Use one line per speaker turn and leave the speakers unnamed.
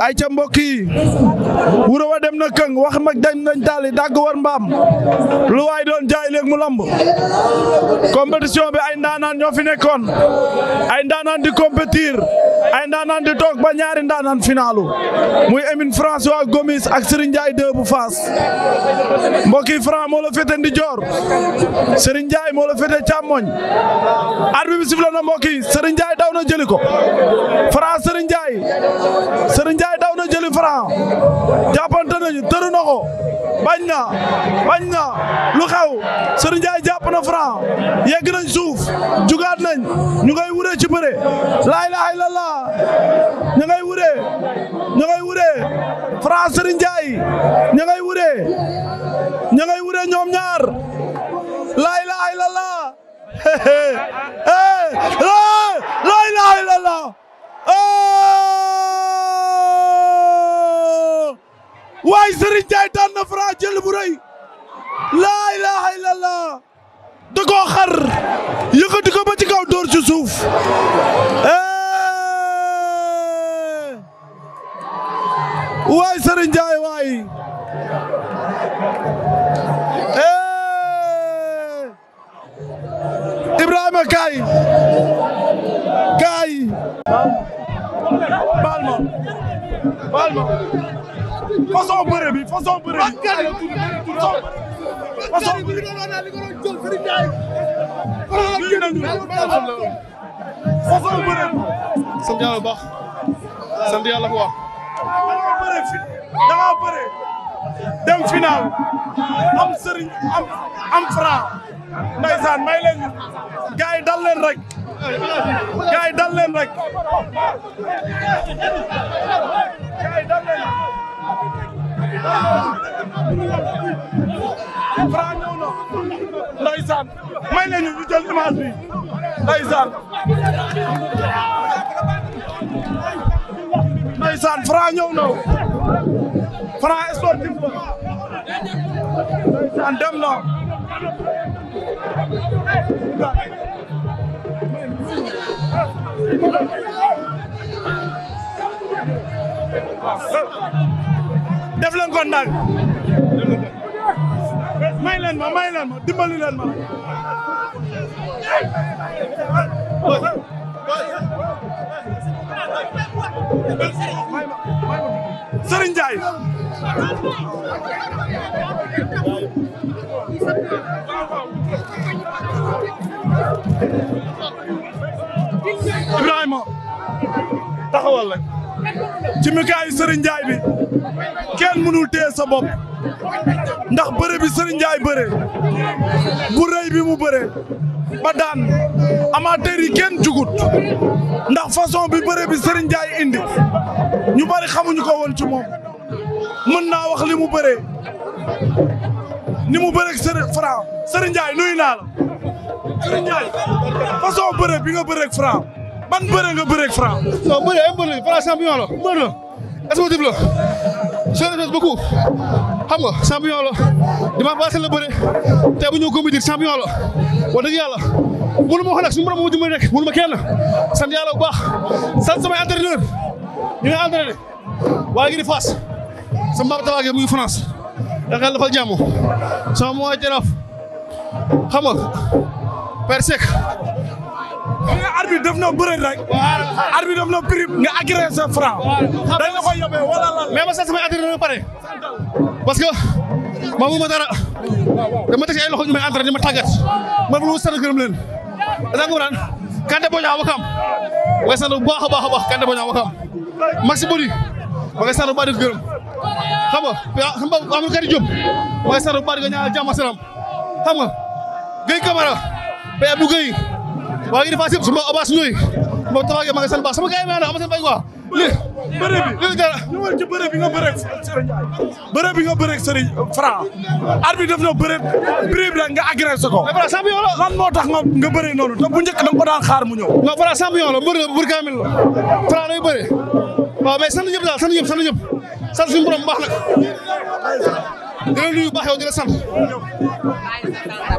ay ca mbokk yi wa dem na këng wax mag dañ nañ taali dàgg war mbaam lu waay doon jaay léegi mu lamb compétition bi ay ndaanaan ñoo fi nekkoon ay ndaanaan di compétir ay ndaanaan di toog ba ñaari ndaanaan finalu muy Emine François Gomis ak Serigne Ndiaye 2 bu Faas mbokk yi Franc moo la féete ndijoor Serigne Ndiaye moo la féete càmmoñ arbitre bi sifla na mbokk yi daw na jëli ko Franc Serigne Ndiaye daw na jëli Franc jàppante nañu tëru na ko bañ na bañ jàpp na Franc yegg nañ suuf jugaat nañ ñu ci bëre laa ilaaha illallaah ñu ngay wure ñu ngay wure waay Serigne Ndiaye daan na Franc jël bu rëy laa ilaha illallah da koo xar yëkkati ba ci kaw dóor ci suuf eh. waay Serigne Ndiaye waay eh. Ibrahima kaay kaay baal ma façon bëre bi façon bëre bi façon bëre façon bëre sant yàlla bu baax sant dem final am sëriñ am am franc ndeysaan may leen gars yi dal leen rek gars ndeysaan ndeysaan Franc ñëw na Franc sportif ba ndeysaan dem na def leen ko ndànk may leen ma ma dimbali leen ma Serigne Ndiaye Ibrahima taxawal la ci mikaayu Serigne Ndiaye bi kenn mënul téye sa bopp ndax bëre bi Serigne Ndiaye bëre mu bëre ba daan amateur yi jugut ndax fason bi bëre bi Serigne Ndiaye indi ñu bari xamuñu ko woon ci moom mën naa wax li mu bëree ni mu bëree Serigne Franc Serigne Ndiaye nuyu naa la Serigne Ndiaye façon bi nga bëreeg Franc ban bëre nga bëreeg Franc. non bëre ay mbër la sportif la jeune chose beaucoup xam nga champion la dimanche passé la bëre tey bu ñu compétir champion la wax dëgg yàlla mënu ma wax nag suñu borom moo dimbali rek mënu ma kenn sant yàlla bu baax sant samay entraîneur ñu ngi entraîné waaye ngi di Fass sama mbaa tabaage mu ngi France yaakaar dafa jàmm sama mooy jaraaf xam nga Père Seck xam nga arbitre daf na bëre rek. arbitre daf na prime nga agressé Franc. la ma sax samay entraîné ba pare. parce que ma mu ma dara dama teg ay loxo ñu may entraîné ma tàggat man ma sant gërëm leen. dinaa ko daan Kante Boña Wakam ma koy sant bu baax a baax a baax Kante Boña Wakam Bodi ma koy sant bu baax gërëm xam nga xam nga amul kati ma koy sant bu baax di ah, ko ñaanal jàmm ak salaam xam nga Guèye waa ngi di Fass yëpp su ma Abass Ndoye ma tawaage ma nga seen sama gars yi ama seen bay quoi li bëre bi nga bëre Serigne bëre bi nga bëre Serigne Franc arbitre def na bëre bëre bi nga agressé ko Franc champion la lan moo tax nga nga bëre noonu bu njëkk da nga ko daan xaar mu ñëw non Franc champion la mbër mbër kaamil la Franc day bëre waaw mais sant ñëpp daal sant ñëpp sant ñëpp nag di la nuyu baax yow sant